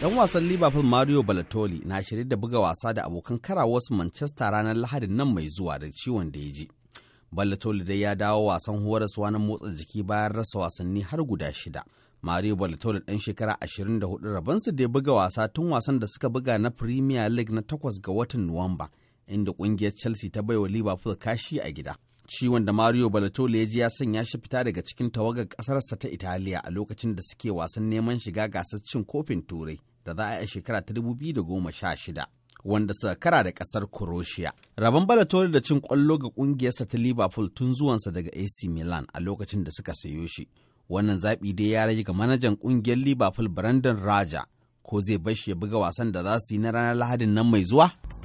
Dan wasan Liverpool Mario Balotelli na shirye da buga wasa da abokan karawarsu Manchester ranar Lahadin nan mai zuwa da ciwon da ya ji. Balotelli dai ya dawo wasan horaswa na motsa jiki bayan rasa wasanni har guda shida. Mario Balotelli ɗan shekara 24 rabansu da ya buga wasa tun wasan da suka buga na Premier League na takwas ga watan Nuwamba, inda ƙungiyar Chelsea ta baiwa Liverpool kashi a gida. Ciwon da Mario Balotelli ya ji ya sanya shi fita daga cikin tawagar ƙasarsa ta Italiya a lokacin da suke wasan neman shiga gasar cin kofin Turai. da za a yi shekara ta shida, wanda suka kara da kasar Croatia. Rabon Balatori da cin kwallo ga ƙungiyarsa ta Liverpool tun zuwansa daga AC Milan a lokacin da suka sayo shi. Wannan zaɓi dai ya rage ga manajan ƙungiyar Liverpool Brandon Raja ko zai bashi ya buga wasan da za su yi na ranar Lahadin nan mai zuwa?